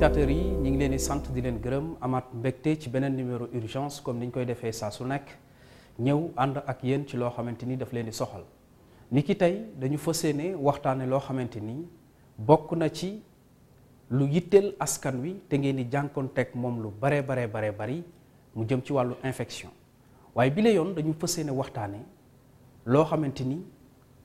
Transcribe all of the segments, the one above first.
téléspectateurs yi ñu ngi leen di sant di leen gërëm amaat mbégte ci beneen numéro urgence comme ni ñu koy defee saa su nekk ñëw ànd ak yéen ci loo xamante ni daf leen di soxal ni ki tey dañu fas yéene waxtaane loo xamante ni bokk na ci lu yitteel askan wi te ngeen di jànkoonteeg moom lu bare bare bare bari mu jëm ci wàllu infection waaye bi yoon dañu fas yéene waxtaane loo xamante ni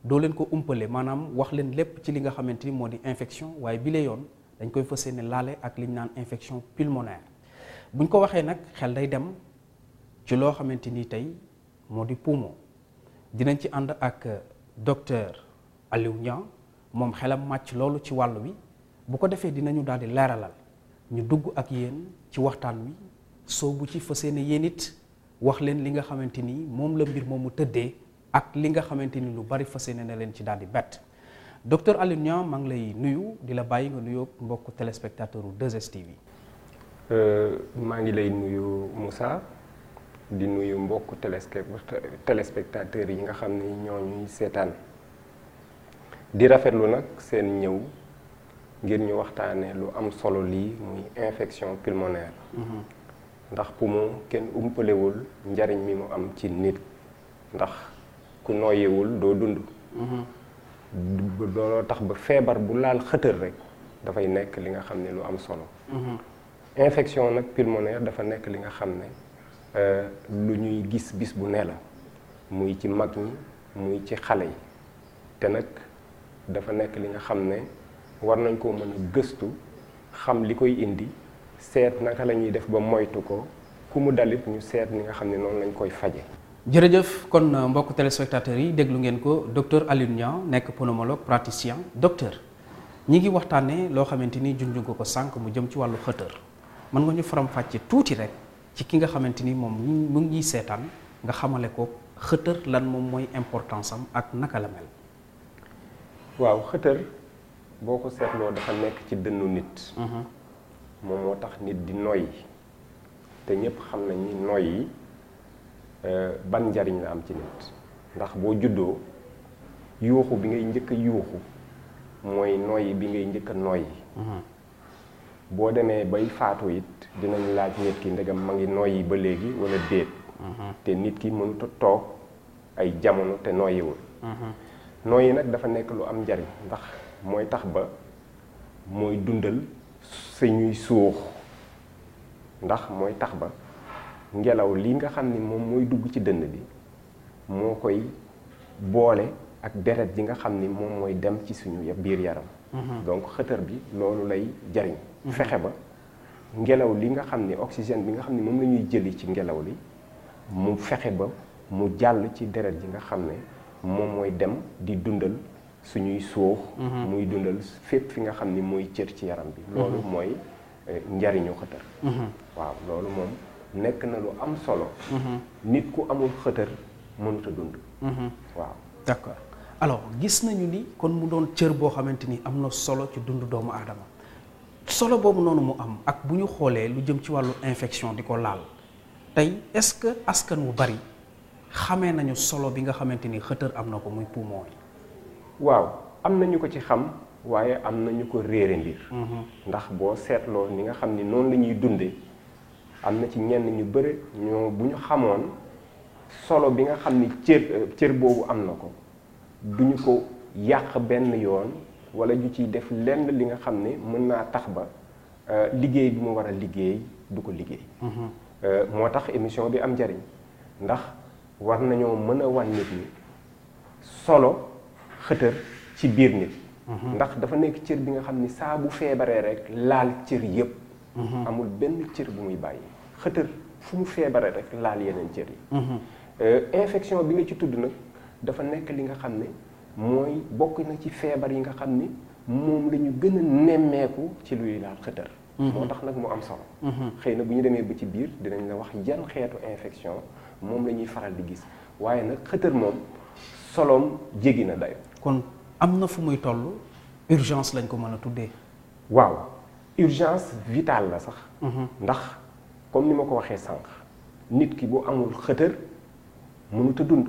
doo leen ko umpale maanaam wax leen lépp ci li nga xamante ni moo di infection waaye bi la yoon dañ koy fas yéene laale ak li naan infection pulmonaire buñ ko waxee nag xel day dem ci loo xamante ni tey moo di poumon dinañ ci ànd ak euh, docteur aliw Niang moom xelam màcc loolu ci wàll wi bu ko defee dinañu daal di leeralal ñu dugg ak yéen ci waxtaan wi soo bu ci fas yéene yéen it wax leen li nga xamante ni moom la mbir moomu tëddee ak li nga xamante ni lu bari fas yéene na leen ci daal di bett. docteur Alioune Niang maa ngi lay nuyu di la bàyyi nga nuyoo mbokku téléspectateur u 2STV. Euh, maa ngi lay nuyu Moussa di nuyu mbokku téléspectateur yi nga xam ne ñoo ñuy seetaan di rafetlu nag seen ñëw ngir ñu waxtaanee lu am solo lii muy infection pulmonaire. Mhm. ndax poumon kenn umpalewul njariñ mi mu am ci nit ndax ku noyyewul doo dund. Mhm. looloo tax ba feebar bu laal xëtër rek dafay nekk li nga xam ne lu am solo. Mhm. infection nag pulmonaire dafa nekk li nga xam ne euh, lu ñuy gis bis bu ne la muy ci mag ñi muy ci xale yi te nag dafa nekk li nga xam ne war nañ koo mën gëstu xam li koy indi seet naka la ñuy def ba moytu ko ku mu dalit ñu seet li nga xam ne noonu lañ koy faje jërëjëf kon euh, mbokk téléspectateurs yi déglu ngeen ko docteur Alioune Niang nekk pneumologue praticien docteur ñi ngi waxtaanee loo xamante ni junj nga ko sànq mu jëm ci wàllu xëtër mën nga ñu faram-fàcce tuuti rek ci ki nga xamante ni moom mu ngi seetaan nga xamale ko xëtër lan moom mooy importance am ak naka la mel. waaw xëtër boo ko seetloo dafa nekk ci dënnu nit. Mhm. moom moo tax nit di noyyi te ñëpp xam nañu noyyi. Euh, ban njariñ la am ci nit ndax boo juddoo yuuxu bi ngay njëkk a yuuxu mooy noyyi bi ngay njëkk a noyyi mhm. boo demee bay faatu it dinañ laaj nit ki ndegam ma ngi noyyi ba léegi wala déet mhm. te nit ki mënut toog ay jamono te noyyiwul mhm. noyyi nag dafa nekk lu am njariñ ndax mooy tax ba mooy dundal suñuy suux ndax mooy tax ba ngelaw li nga xam ni moom mooy dugg ci dënn bi moo koy boole ak deret ji nga xam ni moom mooy dem ci suñu biir yaram mhm. donc xëtër bi loolu lay jariñ mhm. fexe ba ngelaw li nga xam ni oxygène bi nga xam ni moom lañuy ñuy jëli ci ngelaw li mu fexe ba mu jàll ci deret ji nga xam ne moom mooy dem di dundal suñuy suux mhm. muy dundal fépp fi nga xam ni mooy cër ci yaram bi loolu mooy euh, njariñu xëtër waaw loolu moom nekk na lu am solo. Mhm. nit ku amul xëtër mënut a dund. Mhm. waaw d'accord alors gis nañu ni kon mu doon cër boo xamante ni am na solo ci dund doomu aadama solo boobu noonu mu am ak bu ñu xoolee lu jëm ci wàllu infection di ko laal tey est-ce que askan wu bari xamee nañu solo bi nga xamante ni xëtër am na ko muy poumon yi. waaw am na ñu ko ci xam. waaye am na ñu ko réere mbir. Mhm. ndax boo seetloo ni nga xam ni noonu la ñuy dundee. am na ci ñenn ñu bëri ñoo bu ñu xamoon solo bi nga xam ni cër cër boobu am na ko du ñu ko yàq benn yoon wala ju ciy def lenn li nga xam ne mën naa tax ba euh, liggéey bi mu war a liggéey du ko liggéey. Mhm. Euh, moo tax émission bi am njariñ ndax war nañoo mën a wan nit ñi solo xëtër ci biir nit. Mhm. ndax dafa nekk cër bi nga xam ni saabu feebaree rek laal cër yépp. Mhm. amul benn cër bu muy bàyyi. xëtër fu mu feebaree rek laal yeneen cër yi. Mhm. Euh, infection bi nga ci tudd nag dafa nekk li nga xam ne mooy bokk na ci feebar yi nga xam ne moom la ñu gën a nemmeeku ci luy laal xëtër. Mhm. moo nag mu am solo. Mhm. xëy na bu ñu demee ba ci biir dinañ la wax jan xeetu infection moom la ñuy faral di gis waaye nag xëtër moom soloom jéggi na day kon am na fu muy toll urgence lañ ko mën a tuddee. waaw urgence vitale la sax. ndax. comme ni ma ko waxee sànq nit ki bu amul xëtër mënut dund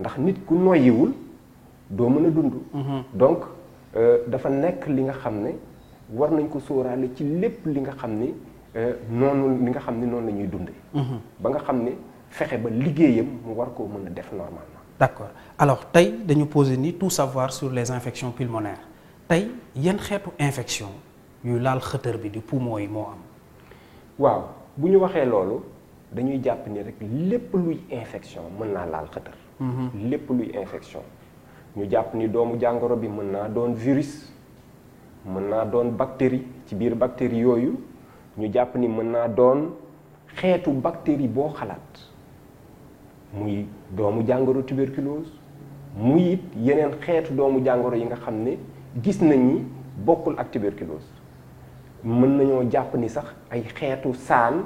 ndax nit ku noyyiwul doo mën a dund mhm. donc euh, dafa nekk li nga xam ne war nañ ko sóoraale ci lépp li nga xam ni euh, noonu li nga xam ne noonu la ñuy dundee mhm. ba nga xam ne fexe ba liggéeyam mu war koo mën a def normalement d'accord alors tey dañu poser ni tout savoir sur les infections pulmonaires tey yan xeetu infection yuy laal xëtër bi di poumon yi moo am waaw bu ñu waxee loolu dañuy jàpp ni rek lépp luy infection mën naa laal xëtër. Mhm. lépp luy infection ñu jàpp ni doomu jàngoro bi mën naa doon virus mën naa doon bactérie ci biir bactérie yooyu ñu jàpp ni mën naa doon xeetu bactérie boo xalaat muy doomu jàngoro tuberculose muy it yeneen xeetu doomu jàngoro yi nga xam ne gis nañ bokkul ak tuberculose. mën nañoo jàpp ni sax ay xeetu saan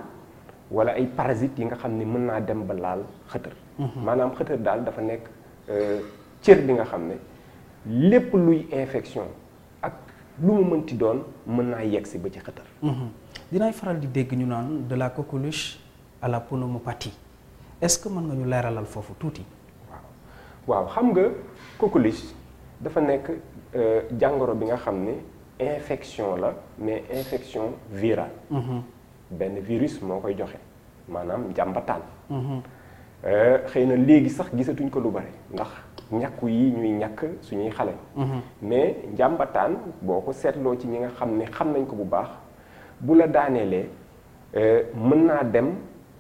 wala ay parasites yi nga xam ne mën naa dem ba laal xëtër mhm. maanaam xëtër daal dafa nekk euh, cër bi nga xam ne lépp luy infection ak lu mu mënti doon mën naa yegsi ba ci xëtër mhm. dinaay faral di dégg ñu naan de la coqueluche à la pneumopathie ce que mën nga ñu leeralal foofu tuuti waaw xam nga coqueluche dafa nekk euh, jàngoro bi nga xam ne infection la mais infection virale. Mhm. benn virus moo koy joxe maanaam njàmbataan. Mhm. Euh, xëy na léegi sax gisatuñ ko lu bari ndax ñàkku yi ñuy ñàkk suñuy xale. Mhm. mais njàmbataan boo ko seetloo ci ñi nga xam ne xam nañ ko bu baax bu la daaneelee euh, mën naa dem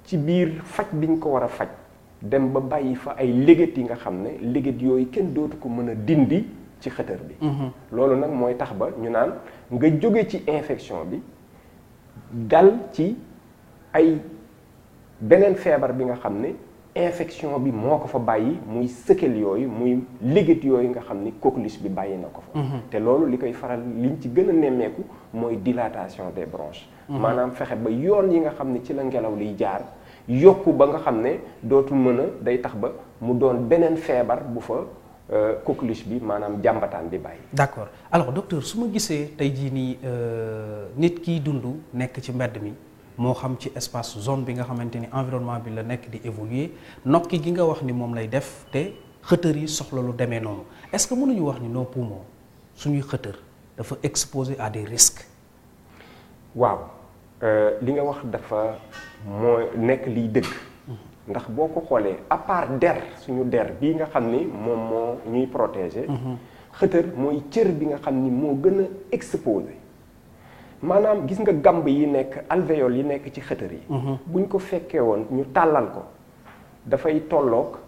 ci biir faj biñ ko war a faj dem ba bàyyi fa ay léget yi nga xam ne léget yooyu kenn dootu ko mën a dindi. ci xëtër bi mhm. loolu nag mooy tax ba ñu naan nga jóge ci infection bi dal ci ay beneen feebar bi nga xam ne infection bi moo ko fa bàyyi muy sëkkel yooyu muy liggéey yooyu nga xam ni coqueluche bi bàyyi na ko fa mhm. te loolu li koy faral liñ ci gën a nemmeeku mooy dilatation des bronches mhm. maanaam fexe ba yoon yi nga xam ne ci la ngelaw liy jaar yokku ba nga xam ne dootul mën a day tax ba mu doon beneen feebar bu fa Euh, coqueluche bi maanaam jàmbataan bi bàyyi. d'accord alors docteur su ma gisee tey jii nii euh, nit kiy dund nekk ci mbedd mi moo xam ci espace zone bi nga xamante ni environnement bi la nekk di évoluer nokki gi nga wax ni moom lay def te xëtër yi soxla lu demee noonu est-ce que mënuñu wax ni nos poumons suñuy xëtër dafa exposé à des risques. waaw euh, li nga wax dafa moo nekk liy dëgg. ndax boo ko xoolee à part der suñu der bii nga xam ni moom moo ñuy protéger. xëtër mooy cër bi nga xam ni moo gën a exposé maanaam gis nga gàmb yi nekk alvéole yi nekk ci xëtër yi. Mhm. bu ñu ko fekkee woon ñu tàllal ko dafay tollook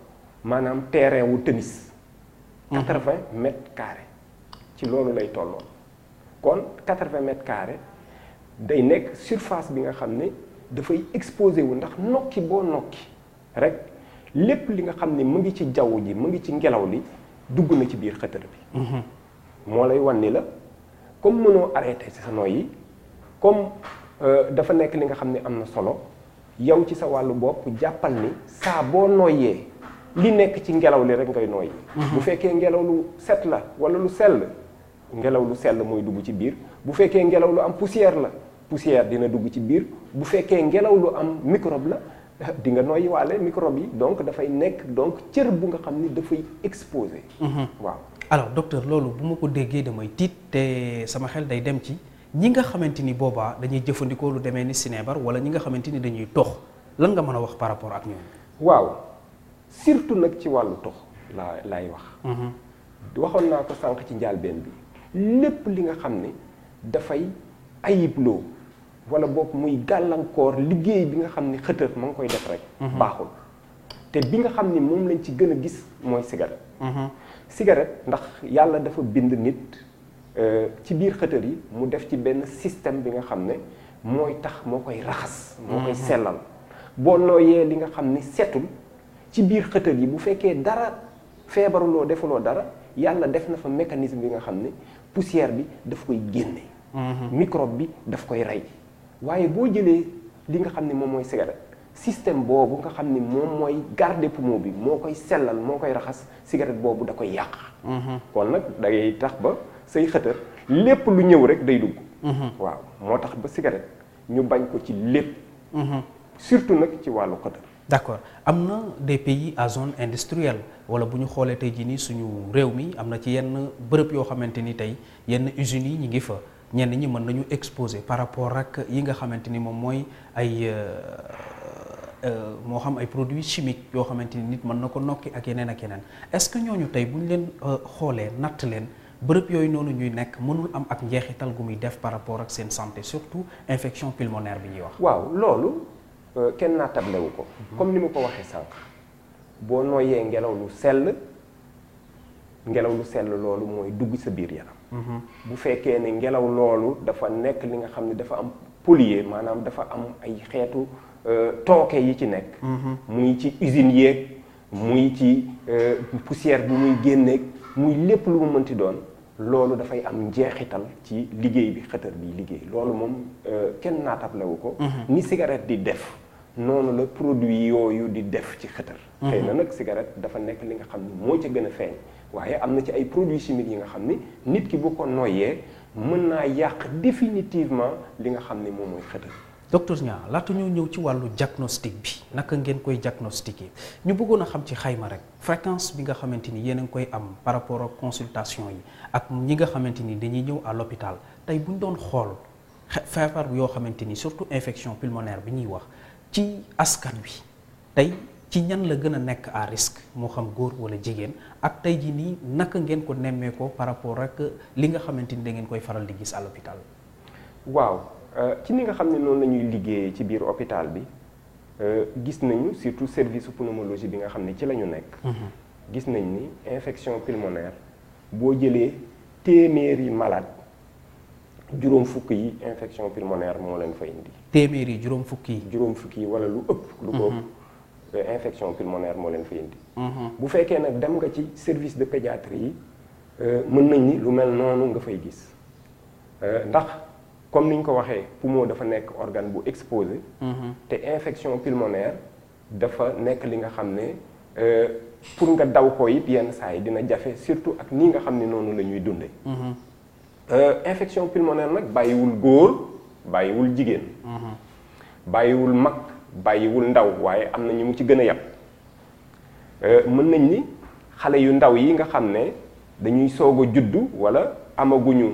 maanaam terrain wu tennis. 80 mhm. mètres carrés ci loolu lay tolloon kon 80 mètres carrés day nekk surface bi nga xam ne dafay exposé wu ndax nokki boo nokki. rek lépp li nga xam ni mu ngi ci jaww ji mu ngi ci ngelaw li dugg na ci biir xëtër bi mm-hmm. moo lay wan ni la comme mënoo arrêté ci sa noy yi comme euh, dafa nekk li nga xam ni am na solo yow ci sa wàllu bopp jàppal ni saa boo noyyee li nekk ci ngelaw li rek ngay noyyi mm-hmm. bu fekkee ngelaw lu set la wala lu sell ngelaw lu sell mooy dugg ci biir bu fekkee ngelaw lu am poussière la poussière dina dugg ci biir bu fekkee ngelaw lu am microbe la di nga noyyi waale microbe yi donc dafay nekk donc cër bu nga xam ni dafay exposé. Mhm. waaw alors docteur loolu bu ma ko déggee damay tiit te sama xel day dem ci ñi nga xamante ni boobaa dañuy jëfandikoo lu demee ni sinébar wala ñi nga xamante ni dañuy tox lan nga mën a wax par rapport ak ñoom. waaw surtout nag ci wàllu tox laa laay wax. Mhm. waxoon naa ko sànq ci njàlbeen bi lépp li nga xam ne dafay ayibloo wala boog muy gàllankoor liggéey bi nga xam ni xëtër ma ngi koy def rek. Mhm. baaxul te bi nga xam ni moom lañ ci gën a gis mooy cigarette. Mhm. cigarette ndax yàlla dafa bind nit euh, ci biir xëtër yi mu def ci benn système bi nga xam ne mooy tax moo koy raxas. moo koy mhm. sellal boo looyee li nga xam ni setul ci biir xëtër yi bu fekkee dara feebaruloo defuloo dara yàlla def na fa mécanisme bi nga xam ne poussière bi daf koy génne. microbe bi daf koy rey. waaye boo jëlee li nga xam ne moom mooy cigarette système boobu nga xam ne moom mooy garder poumon bi moo koy sellal moo koy raxas cigarette boobu da koy yàq. Mm-hmm. kon nag da tax ba say xëtër lépp lu ñëw rek day dugg. Mm-hmm. waaw moo tax ba cigarette ñu bañ ko ci lépp. Mm-hmm. surtout nag ci wàllu xëtër. d'accord am na des pays à zone industrielle wala bu ñu xoolee tey jii nii suñu réew mi am na ci yenn bërëb yoo xamante ni tey yenn usines yi ñu ngi fa. ñenn ñi mën nañu exposé par rapport ak yi nga xamante ni moom mooy ay euh, euh, euh, moo xam ay produits chimiques yoo xamante ni nit mën na ko nokki ak yeneen ak yeneen est-ce que ñooñu tey bu ñu leen xoolee natt leen bërëb yooyu noonu ñuy nekk mënul am ak njeexital gu muy def par rapport ak seen santé surtout infection pulmonaire bi ñuy wax. waaw loolu kenn naa table ko. Mhm. comme ni mu ko waxee sànq boo nooyee ngelaw lu sell ngelaw lu sell loolu mooy dugg sa biir yaram. bu fekkee ne ngelaw loolu dafa nekk li nga xam ne dafa am pollué maanaam dafa am ay xeetu euh, tooke yi ci nekk mhm. muy ci usine yeeg muy ci euh, poussière bi muy génneeg muy lépp lu mu mënti doon loolu dafay am njeexital ci liggéey bi xëtër bi liggéey loolu moom euh, kenn naataab lawu ko mhm. ni cigarette di def noonu la produit yooyu di def ci xëtër. Mhm. xëy na nag cigarette dafa nekk li nga xam ni moo ci gën a feeñ. waaye am na ci ay yi nga xam ni nit ki bu ko mën naa yàq définitivement li nga xam ni moom mooy xëtër. docteur laata ñoo ñëw ci wàllu diagnostic bi naka ngeen koy diagnostiquer ñu bëggoon a xam ci xayma rek fréquence bi nga xamante ni yéen a ngi koy am par rapport ak consultation yi ak ñi nga xamante ni dañuy ñëw à l'hôpital tey bu ñu doon xool feebar yoo xamante ni surtout infection pulmonaire bi ñuy wax. ci askan wi tey ci ñan la gën a nekk à risque moo xam góor wala jigéen ak tey ji nii naka ngeen ko nemmee ko par rapport rek li nga xamante ni da koy faral di gis à l'hôpital waaw euh, ci ni nga xam ne noonu la ñuy liggéeyee ci biir hôpital bi euh, gis nañu surtout service pneumologie bi nga xam ne ci lañu nekk mhm. gis nañ ni infection pulmonaire boo jëlee téeméeri malade juróom fukk yi infection pulmonaire moo leen fa indi. téeméer yi juróom fukk yi. juróom fukk yi wala lu ëpp. lu ko mhm. ëpp euh, infection pulmonaire moo leen fa indi. Mhm. bu fekkee nag dem nga ci service de pédiatrie yi euh, mën nañ ni lu mel noonu nga fay gis euh, ndax comme ni ñu ko waxee poumon dafa nekk organe bu exposé. Mhm. te infection pulmonaire dafa nekk li nga xam ne pour nga daw ko it yenn saa yi dina jafe surtout ak nii nga xam ne noonu la ñuy dundee. Euh, infection pulmonaire nag bàyyiwul góor bàyyiwul jigéen. bàyyiwul mag bàyyiwul ndaw waaye am na ñu mu ci gën a yab euh, mën nañ ni xale yu ndaw yi nga xam ne dañuy soog a juddu walla amaguñu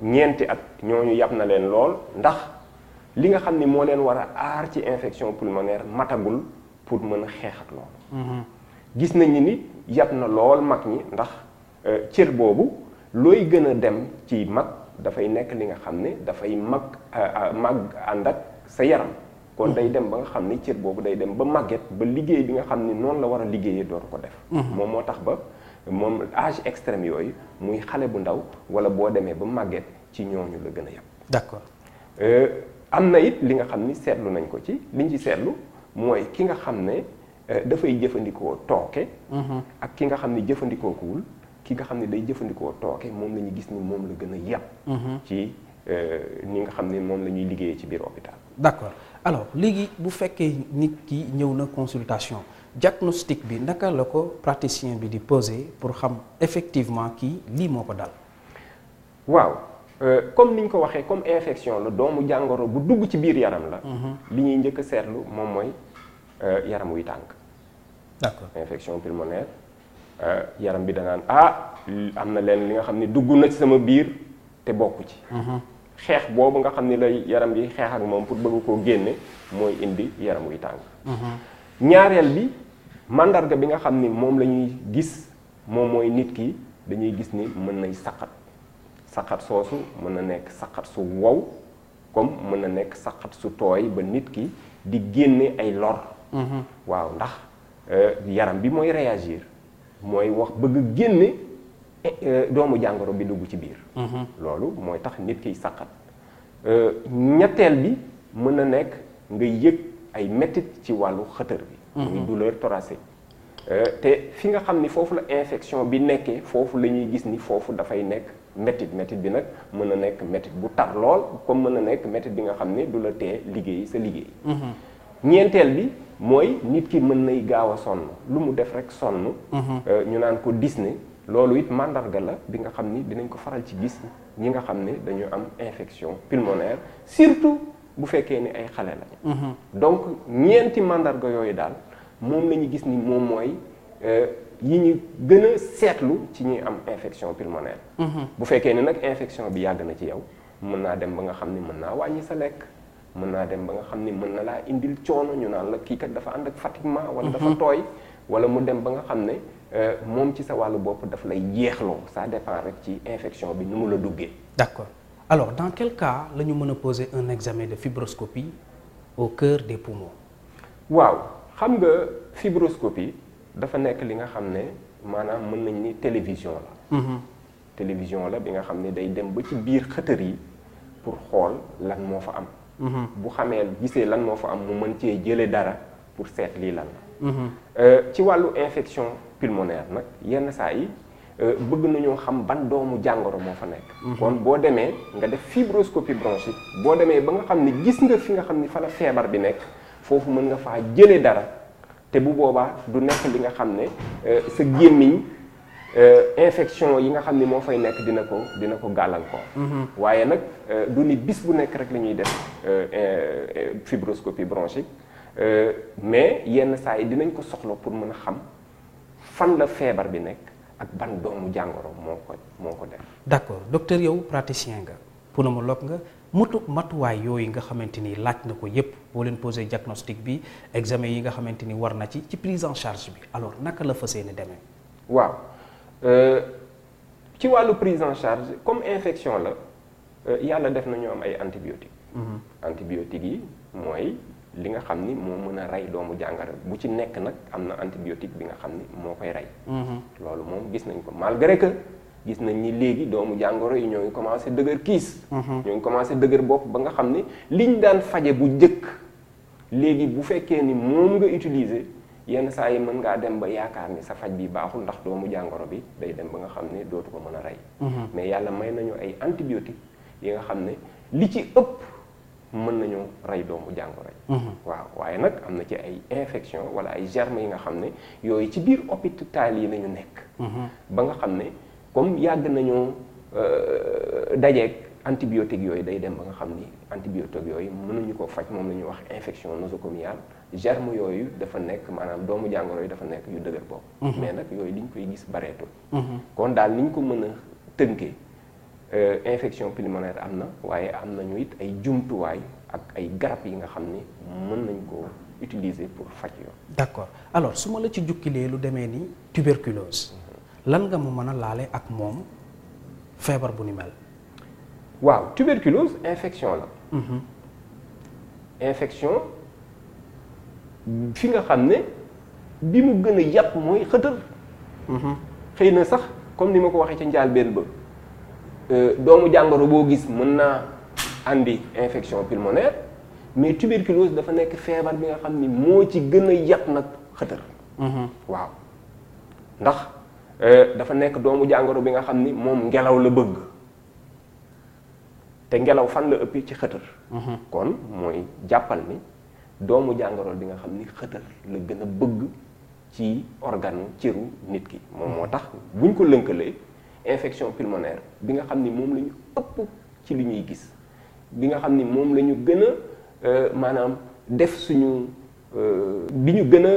ñeenti at ñooñu yab na leen lool ndax li nga xam ni moo leen war a aar ci infection pulmonaire matagul pour mën a xeex ak loolu. Mm-hmm. gis nañ ni yab na lool mag ñi ndax euh, cër boobu. looy gën a dem ci mag dafay nekk li nga xam ne dafay mag euh, euh, mag ànd ak sa yaram kon day dem ba nga xam ne cër boobu day dem ba màgget ba liggéey bi nga xam ne noonu la war a liggéeyee dootu ko def mhm. moom moo tax ba moom âge extrême yooyu muy xale bu ndaw wala boo demee ba màgget ci ñooñu la gën a yàpp d'accord euh, am na it li nga xam ni seetlu nañ ko ci liñ ci seetlu mooy ki nga xam ne dafay jëfandikoo tooke mhm. ak ki nga xam ne jëfandikoo kuwul ki nga xam ne day jëfandikoo tooke moom la ñu gis ni moom la gën a yàpp mhm. ci euh, ni nga xam ne moom la ñuy liggéeyee ci biir hôpital. d'accord alors léegi bu fekkee nit ki ñëw na consultation diagnostic bi naka la ko praticien bi di poser pour xam effectivement kii lii moo ko dal. waaw euh, comme ni ñu ko waxee comme infection la doomu jàngoro bu dugg ci biir yaram la. Mhm. li ñuy njëkk a seetlu moom mooy euh, yaram wuy tàng. d'accord infection pulmonaire. Euh, yaram bi danaan ah am na leen li nga xam ne dugg na ci sama biir te bokk ci mhm. xeex boobu nga xam ni lay yaram bi xeex ak moom pour bëgg koo génne mooy indi yaram wuy tàng mhm. ñaareel bi màndarga bi nga xam ni moom la ñuy gis moom mooy nit ki dañuy gis ni mën nay saqat saqat soosu mën na nekk saqat su wow comme mën na nekk saqat su tooy ba nit ki di génne ay lor mhm. waaw ndax euh, yaram bi mooy réagir mooy wax bëgg génne eh, eh, doomu jàngoro bi dugg ci biir. Mm-hmm. loolu mooy tax nit kiy saqat euh, ñetteel bi mën na nekk nga yëg ay mettit ci wàllu xëtër bi. Mm-hmm. muy douleur thoracique. Euh, te fi nga xam ni foofu la infection bi nekkee foofu la ñuy gis ni foofu dafay nekk mettit mettit bi nag mën na nekk mettit bu tar lool comme mën a nekk mettit bi nga xam ne du la tee liggéey sa liggéey. Mm-hmm. ñeenteel bi mooy nit ki mën nay gaaw a sonn lu mu def rek sonn. Mhm. Euh, ñu naan ko Disney loolu it màndarga la bi nga xam ni dinañ ko faral ci gis ñi nga xam ne dañu am infection pulmonaire surtout bu fekkee ni ay xale lañu. Mhm. donc ñeenti màndarga yooyu daal moom la ñu gis ni moom mooy euh, yi ñu gën a seetlu ci ñuy am infection pulmonaire. Mhm. bu fekkee ni nag infection bi yàgg na ci yow mën naa dem ba nga xam ni mën naa wàññi sa lekk. mën naa dem ba nga xam ni mën na laa indil coono ñu naan la kii kat dafa ànd ak fatiguement wala dafa mhm. tooy wala mu dem ba nga xam ne euh, moom ci sa wàllu bopp daf lay jeexloo ça dépend rek ci infection bi ni mu la duggee d'accord alors dans quel cas la ñu mën a poser un examen de fibroscopie au cœur des poumons waaw xam nga fibroscopie dafa nekk li nga xam ne maanaam mën nañ ni télévision la mhm. télévision la bi nga xam ne day dem ba ci biir xëtër yi pour xool lan moo fa am Mm-hmm. bu xamee gisee lan moo fa am mu mën cee jëlee dara pour seet lii lan la. Mm-hmm. Euh, ci wàllu infection pulmonaire nag yenn saa yi euh, bëgg nañoo xam ban doomu jàngoro moo fa nekk. Mm-hmm. kon boo demee nga def fibroscopie bronchique boo demee ba nga xam ne gis nga fi nga xam ni fa la feebar bi nekk foofu mën nga faa jëlee dara te bu boobaa du nekk li nga xam ne euh, sa gémmiñ. Euh, infection yi nga xam ni moo fay nekk dina ko dina ko gàllankoor. Mhm. waaye nag euh, du ni bis bu nekk rek la ñuy def euh, fibroscopie bronchique mais yenn saa yi dinañ ko soxla pour mën a xam fan la feebar bi nekk ak ban doomu jàngoro moo ko moo ko def. d'accord docteur yow praticien nga pour na pneumologue nga. mutu matuwaay yooyu nga xamante ni laaj na ko yépp boo leen posé diagnostic bi examen yi nga xamante ni war na ci ci prise en charge bi alors naka la fas yéene demee. waaw Euh, ci wàllu prise en charge comme infection la euh, yàlla def na ñu am ay antibiotiques. Mhm. antibiotiques yi mooy li nga xam ni moo mën a rey doomu jàngara bu ci nekk nag am na antibiotique bi nga xam ni moo koy rey. Mhm. loolu moom gis nañ ko malgré que gis nañ ni léegi doomu jàngoro yi ñoo ngi commencé dëgër kiis. Mhm. ñoo ngi commencé dëgër bopp ba nga xam ni liñ daan faje bu njëkk léegi bu fekkee ni moom nga utiliser. yenn saa yi mën ngaa dem ba yaakaar ni sa faj bi baaxul ndax doomu jàngoro bi day dem ba nga xam ne dootu ko mën a rey mhm. mais yàlla may nañu ay antibiotique yi nga xam ne li ci ëpp mën nañoo rey doomu jàngoro yi mhm. waaw waaye nag am na ci ay infection wala ay germes yi nga xam ne yooyu ci biir hôpital yi nañu nekk mhm. ba nga xam ne comme yàgg nañoo euh, dajeeg antibiotique yooyu day dem ba nga xam ni antibiotique yooyu mënuñu ko faj moom la ñuy wax infection nosocomiale germe yooyu dafa nekk maanaam doomu jàngoro yi dafa nekk yu dëgër bopp mhm. mais nag yooyu li ñu koy gis bareetul mhm. kon daal ni ñu ko mën a tënkee euh, infection pulmonaire am na waaye am nañu it ay jumtuwaay ak ay garab yi nga xam ni mën nañ ko utiliser pour faj yooyu d'accord alors su ma la ci jukkilee lu demee ni tuberculose mhm. lan nga mu mën a laale ak moom feebar bu ni mel waaw tuberculose infection la. Mhm. infection fi nga xam ne bi mu gën a yàpp mooy xëtër. Mhm. xëy na sax comme ni ma ko waxee ca njàlbéen ba euh, doomu jàngoro boo gis mën naa andi infection pulmonaire mais tuberculose dafa nekk feebar bi nga xam ni moo ci gën a yàpp nag xëtër. Mhm. waaw ndax euh, dafa nekk doomu jàngoro bi nga xam ni moom ngelaw la bëgg. te ngelaw fan la ëppee ci xëtër mhm. kon mooy jàppal ni doomu jàngorool bi nga xam ni xëtër la gën a bëgg ci organ ciru nit ki moom moo tax buñ ko lënkalee infection pulmonaire bi nga xam ni moom la ñu ëpp ci li ñuy gis bi nga xam ni moom lañu gën a euh, maanaam def suñu euh, bi ñu gën a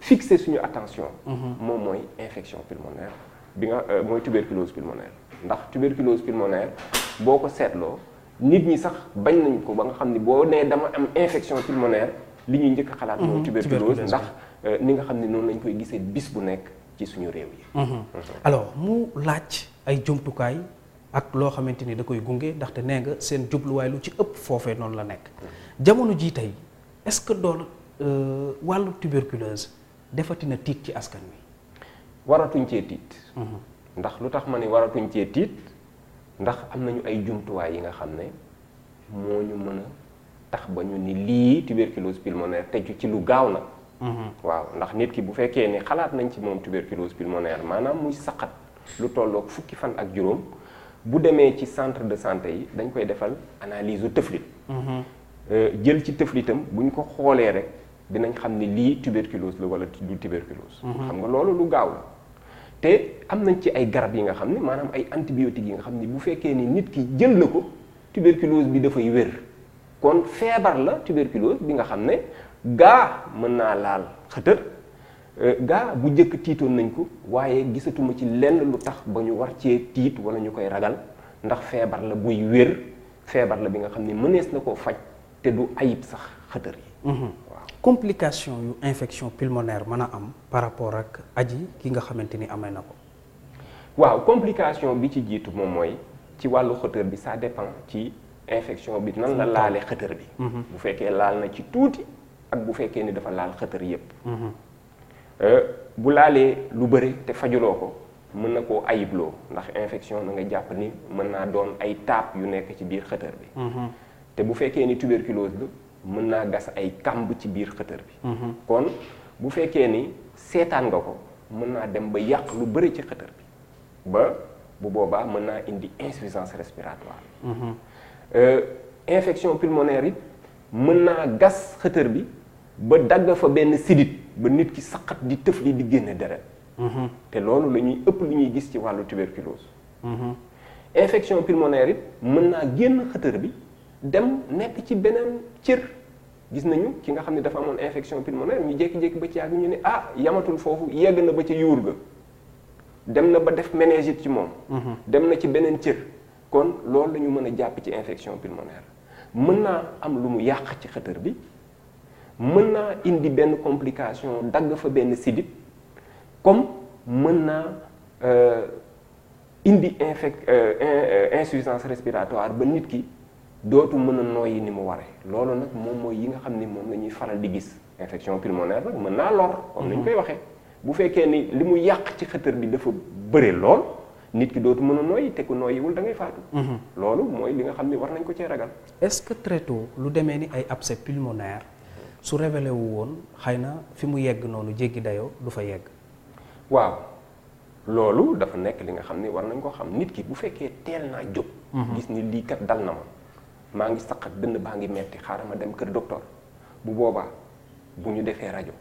fixer suñu attention mhm. moom mooy infection pulmonaire bi nga euh, mooy tuberculose pulmonaire ndax tuberculose pulmonaire boo ko seetloo nit ñi sax bañ nañ ko ba nga xam ne boo nee dama am infection pulmonaire li ñuy njëkk xalaat mooy mhm. tuberculose ndax euh, ni nga xam ne noonu lañ koy gisee bis bu nekk ci suñu réew yi mhm. Mhm. alors mu laaj ay jumtukaay ak loo xamante ni da koy gunge ndaxte nee nga seen jubluwaay lu ci ëpp foofee noonu la nekk jamono jii tey est-ce que doon euh, wàllu tuberculose defati na tiit ci askan wi waratuñ cee tiit ndax lu tax ma ne waratuñ cee tiit ndax am nañu ay jumtuwaay yi nga xam ne moo ñu mën a tax ba ñu ni lii tuberculose pulmonaire te ci lu gaaw na mhm. waaw ndax nit ki bu fekkee ni xalaat nañ ci moom tuberculose pulmonaire maanaam muy saqat lu tolloog fukki fan ak juróom bu demee ci centre de santé yi dañ koy defal analyse u tëflit mhm. euh, jël ci tëflitam bu ñu ko xoolee rek dinañ xam ni lii tuberculose la wala du tuberculose mhm. xam nga loolu lu gaaw la te am nañ ci ay garab yi nga xam ne maanaam ay antibiotiques yi nga xam ne bu fekkee ni nit ki jël na ko tuberculose bi dafay wér kon feebar la tuberculose bi nga xam ne gaa mën naa laal xëtër euh, gaa bu njëkk tiitoon nañ ko waaye gisatuma ci lenn lu tax ba ñu war cee tiit wala ñu koy ragal ndax feebar la buy wér feebar la bi nga xam ne mënees na koo faj te du ayib sax xëtër yi mhm. complication yu infection pulmonaire mën a am par rapport ak aji ki nga xamante ni amee na ko. waaw complication bi ci jiitu moom mooy ci wàllu xëtër bi ça dépend ci infection bi nan la laale xëtër bi. Mhm. bu fekkee laal na ci tuuti ak bu fekkee ni dafa laal xëtër yépp mhm. euh, bu laalee lu bëri te fajuloo ko mën na koo ayibloo ndax infection na nga jàpp ni mën naa doon ay taab yu nekk ci biir xëtër bi. Mhm. te bu fekkee ni tuberculose la. mën naa gas ay kàmb ci biir xëtër bi mhm. kon bu fekkee ni seetaan nga ko mën naa dem ba yàq lu bëri ci xëtër bi ba bu boobaa mën naa indi insuffisance respiratoire mhm. euh, infection pulmonaire it mën naa gas xëtër bi ba dagg fa benn sidit ba nit ki saqat di tëf li di génne deret mhm. te loolu la ñuy ëpp lu ñuy gis ci wàllu tuberculose infection pulmonaire it mën naa génn xëtër bi dem nekk ci beneen cër gis nañu ki nga xam ne dafa amoon infection pulmonaire ñu jékki-jékki ba ci yàgg ñu ne ah yamatul foofu yegg na ba ca yuur ga dem na ba def méningite ci moom. Mhm. dem na ci beneen cër. kon loolu la ñu mën a jàpp ci infection pulmonaire mën naa am lu mu yàq ci xëtër bi mën naa indi benn complication dagg fa benn sidit comme mën naa euh, indi infec euh, euh, insuffisance respiratoire ba nit ki. dootu mën a nooyi ni mu waree loolu nag moom mooy yi nga xam ni moom la ñuy faral di gis infection pulmonaire nag mën naa lor comme ni ñu mhm. koy waxee bu fekkee ni li mu yàq ci xëtër bi dafa bëre lool nit ki dootu mën a nooyi te ku nooyiwul da ngay faatu mhm. loolu mooy li nga xam ni war nañ ko cee ragal est-ce que très lu demee ni ay abcès pulmonaire su révélé wu woon xëy na fi mu yegg noonu jéggi dayoo du fa yegg waaw loolu dafa nekk li nga xam ni war nañ ko xam nit ki bu fekkee teel naa jóg mhm. gis ni lii kat dal na ma maa ngi saqat dënn baa ngi metti xaaral ma dem kër docteur bu boobaa bu ñu defee rajo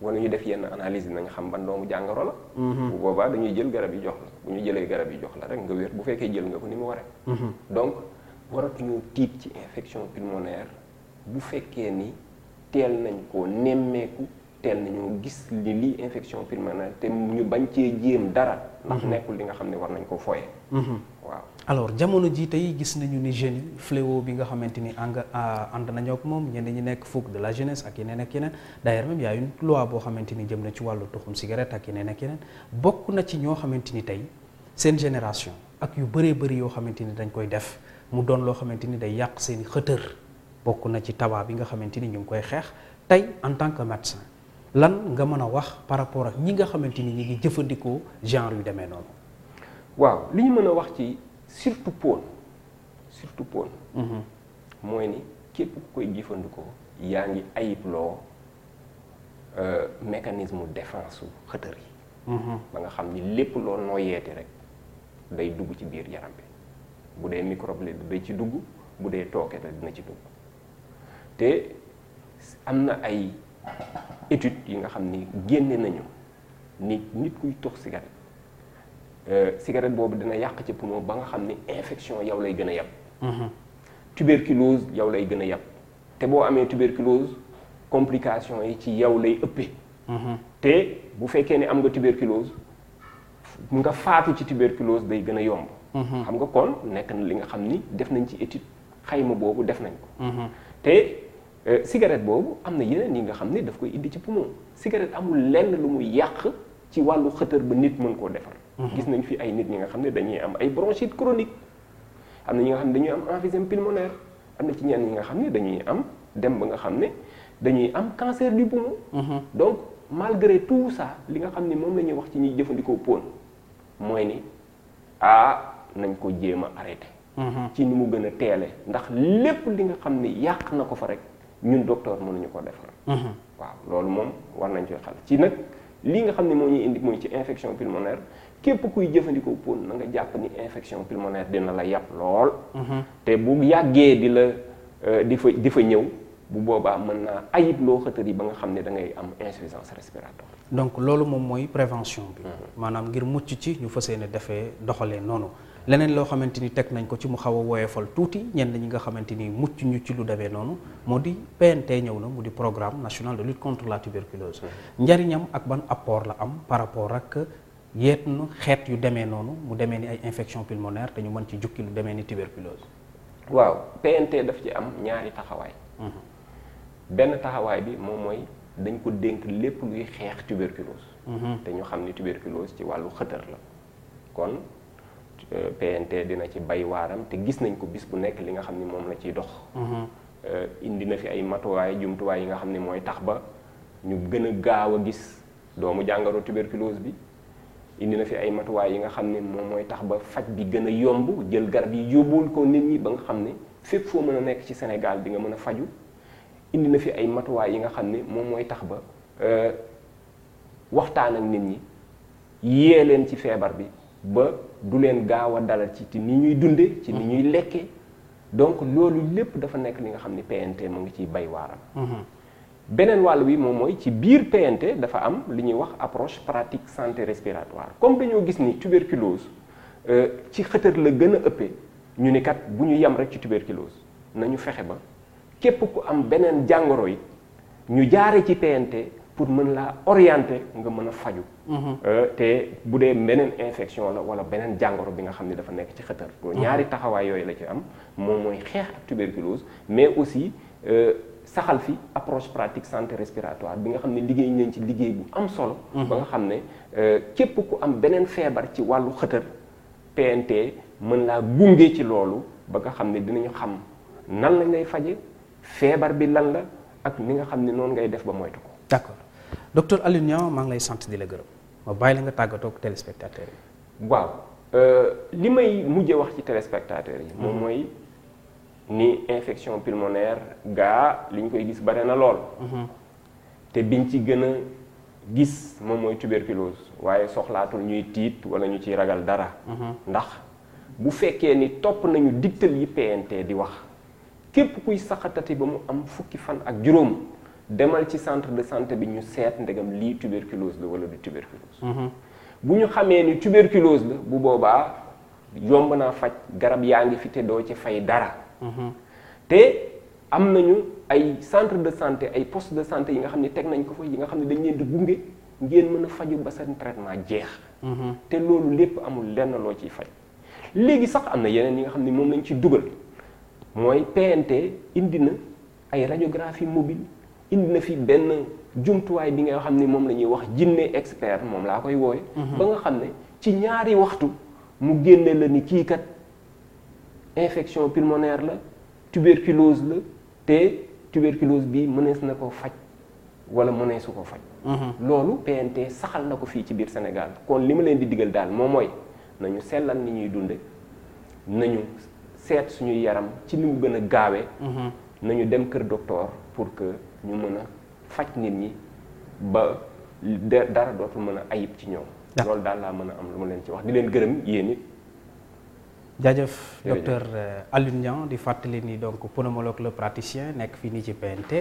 wala ñu def yenn analyse dinañ xam ban doomu jàngoro la. Mhm. bu boobaa dañuy jël garab yi jox la bu ñu jëlee garab yi jox la rek nga wér bu fekkee jël nga ko ni mu waree. Mhm. donc waratuñu tiit ci infection pulmonaire bu fekkee ni teel nañ koo nemmeeku teel nañoo gis ni lii infection pulmonaire te ñu bañ cee jéem dara. ndax mhm. nekkul li nga xam ne war nañ koo foyee. alors jamono ji tey gis nañu ni jeunes yi bi nga xamante ni eng ànd nañoo ak moom ñenn ñi nekk fougue de la jeunesse ak yeneen ak yeneen d'ailleurs même yaa une loi boo xamante ni jëm na ci wàllu tuxum cigarette ak yeneen ak yeneen bokk na ci ñoo xamante ni tey seen génération ak yu bëree bëri yoo xamante ni dañ koy def mu doon loo xamante ni day yàq seen i xëtër bokk na ci tabac bi nga xamante ni ñu ngi koy xeex tey en tant que médecin lan nga mën a wax par rapport ak ñi nga xamante ni ñi ngi jëfandikoo genre yu demee noonu surtout pône surtout pône. Mhm. mooy ni képp ku koy jëfandikoo yaa ngi ayibloo euh, mécanisme défense su xëtër yi. Mhm. ba nga xam ni lépp loo nooyeeti rek day dugg ci biir yaram bi bu dee microbe la ci dugg bu dee tooke la dina ci dugg te am na ay étude yi nga xam ni génne nañu nit nit kuy tox cigarette Euh, cigarette boobu dina yàq ci poumon ba nga xam ni infection yaw lay gën a yab. Mhm. tuberculose yow lay gën a yab te boo amee tuberculose complication yi ci yow lay ëppee. Mhm. te bu fekkee ne am nga tuberculose nga faatu ci tuberculose day gën a yomb. Mhm. xam nga kon nekk na li nga xam ni def nañ ci étude xayma boobu def nañ ko. te euh, cigarette boobu am na yeneen yi nga xam ni daf koy indi ci poumon cigarette amul lenn lu muy yàq ci wàllu xëtër ba nit mën koo defar. Mhm. gis nañ fi ay nit ñi nga xam ne dañuy am ay bronchite chronique am na ñi nga xam ne dañuy am emphysème pulmonaire am na ci ñenn ñi nga xam ne dañuy am dem ba nga xam ne dañuy am cancer du poumon. Mhm. donc malgré tout ça li nga xam ne moom la ñuy wax ci ñuy jëfandikoo pon mooy ni ah nañ ko jéem a arrêté. Mhm. ci ni mu gën a teele ndax lépp li nga xam ne yàq na ko fa rek ñun docteur nañu ko def defar. waaw loolu moom war nañ koy xal ci nag lii nga xam ne moo ñu indi mooy ci infection pulmonaire. képp kuy jëfandikoo poone na nga jàpp ni infection pulmonaire dina la yàpp lool. Mhm. te bu yàggee di la euh, di fa di fa ñëw. bu boobaa mën naa ayib loo xëtër yi ba nga xam ne da ngay am insuffisance respiratoire. donc loolu moom mooy prévention bi. Mhm. maanaam ngir mucc ci ñu fas yéene defee doxalee noonu. leneen loo xamante ni teg nañ ko ci mu xaw a fal tuuti ñenn ñi nga xamante ni mucc ñu ci lu demee noonu moo di PNT ñëw na mu di programme national de lutte contre la tuberculose. Mhm. njariñam ak ban apport la am par rapport ak. yéet nu xeet yu demee noonu mu demee ni ay infection pulmonaire te ñu mën ci jukki lu demee ni tuberculose waaw PNT daf ci am ñaari taxawaay mhm. benn taxawaay bi moom mooy dañ ko dénk lépp luy xeex tuberculose mhm. te ñu xam ni tuberculose ci wàllu xëtër la kon euh, PNT dina ci bay waaram te gis nañ ko bis bu nekk li nga xam ni moom la ciy dox mhm. euh, indi na fi ay matuwaay jumtuwaay yi nga xam ni mooy tax ba ñu gën a gaaw a gis doomu jàngoro tuberculose bi indi na fi ay matuwaay yi nga xam ne moom mooy tax ba faj bi gën a yomb jël garab yi yóbbul ko nit ñi ba nga xam ne fépp foo mën a nekk ci Sénégal di nga mën a faju indi na fi ay matuwaay yi nga xam ne moom mooy tax ba euh, waxtaan ak nit ñi yee leen ci feebar bi ba du leen gaaw a dalal ci ci ni ñuy dunde ci ni ñuy lekke donc loolu lépp dafa nekk li nga xam ne PNT mu ngi ciy bay waaram mm-hmm. beneen wàll wi moom mooy ci biir PNT dafa am li ñuy wax approche pratique santé respiratoire comme dañoo gis ni tuberculose euh, ci xëtër la gën a ëppee ñu ni kat bu ñu yem rek ci tuberculose nañu fexe ba képp ku am beneen jàngoro yi ñu jaare ci PNT pour mën laa orienter nga mën a faju mm-hmm. euh, te bu dee beneen infection la wala beneen jàngoro bi nga xam ne dafa nekk ci xëtër mm-hmm. ñaari taxawaay yooyu la ci am moom mooy xeex ak tuberculose mais aussi euh, saxal fi approche pratique santé respiratoire bi nga xam ne liggéey nañ ci liggéey bu am solo. Mhm. ba nga xam ne euh, képp ku am beneen feebar ci wàllu xëtër PNT mën laa gunge ci loolu ba nga xam ne dinañu xam nan lañ lay faje feebar bi lan la ak ni nga xam ne noonu ngay def ba moytu ko. d'accord docteur Alioune Niang maa ngi lay sant di la gërëm ma bàyyi la nga tàggatoo ko téléspectateurs yi. waaw euh, li may mujjee wax ci téléspectateurs yi. moom mhm. mooy. ni infection pulmonaire gaa li ñu koy gis bare na lool. Mhm. te biñ ci gën a gis moom mooy tuberculose waaye soxlaatul ñuy tiit wala ñu ci ragal dara. Mhm. ndax bu fekkee ni topp nañu digtal yi PNT di wax képp kuy saxatati ba mu am fukki fan ak juróom demal ci centre de santé bi ñu seet ndegam lii tuberculose la wala du tuberculose. Mhm. bu ñu xamee ni tuberculose la bu boobaa yomb naa faj garab yaa ngi fi te doo ci fay dara. Mm-hmm. te am nañu ay centre de santé ay poste de santé yi nga xam ne teg nañ ko fa yi nga xam ne dañ leen di gunge ngeen mën a faju ba seen traitement jeex mm-hmm. te loolu lépp amul lenn loo ciy faj léegi sax am na yeneen yi nga xam ne moom lañ ci dugal mooy PNT indi na ay radiographie mobile indi na fi benn jumtuwaay bi nga xam ne moom la ñuy wax jinne expert moom laa koy wooye mm-hmm. ba nga xam ne ci ñaari waxtu mu génne la ni kii kat infection pulmonaire la tuberculose la te tuberculose bi mënees na ko faj wala mëneesu ko faj. Mhm. loolu PNT saxal na ko fii ci biir Sénégal kon li ma leen di diggal daal moom mooy nañu sellal ni ñuy dunde nañu seet suñuy yaram ci ni mu gën a gaawee. Mhm. nañu dem kër docteur pour que ñu mën a faj nit ñi ba dara dootul mën a ayib ci ñoom. loolu daal laa mën a am lu ma leen ci wax di leen gërëm yéen it jaajëf docteur euh, Alioune Niang di fàttali ni donc pneumologue le praticien nekk fii nii ci PNT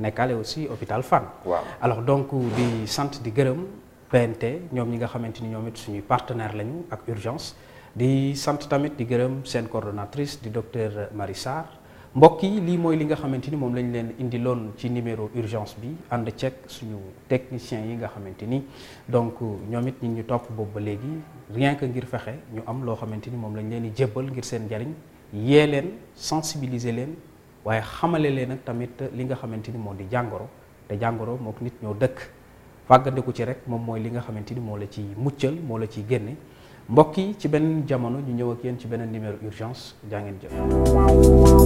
nekkaale aussi hôpital fan waaw alors donc di sant di gërëm PNT ñoom ñi nga xamante ni ñoom it suñuy partenaire lañu ak urgence di sant tamit di gërëm seen coordonnatrice di docteur Marie Sarr. mbokk yi lii mooy li nga xamante ni moom lañ leen indi loon ci numéro urgence bi ànd ceeg suñu technicien yi nga xamante ni donc ñoom it ñi ñu topp boobu ba léegi rien que ngir fexe ñu am loo xamante ni moom lañ leen di jébbal ngir seen njariñ yee leen sensibiliser leen waaye xamale leen ak tamit li nga xamante ni moo di jàngoro te jàngoro mook nit ñoo dëkk fàggandiku ci rek moom mooy li nga xamante ni moo la ci muccal moo la ciy génne mbokk yi ci benn jamono ñu ñëw yéen ci beneen numéro urgence ngeen jëf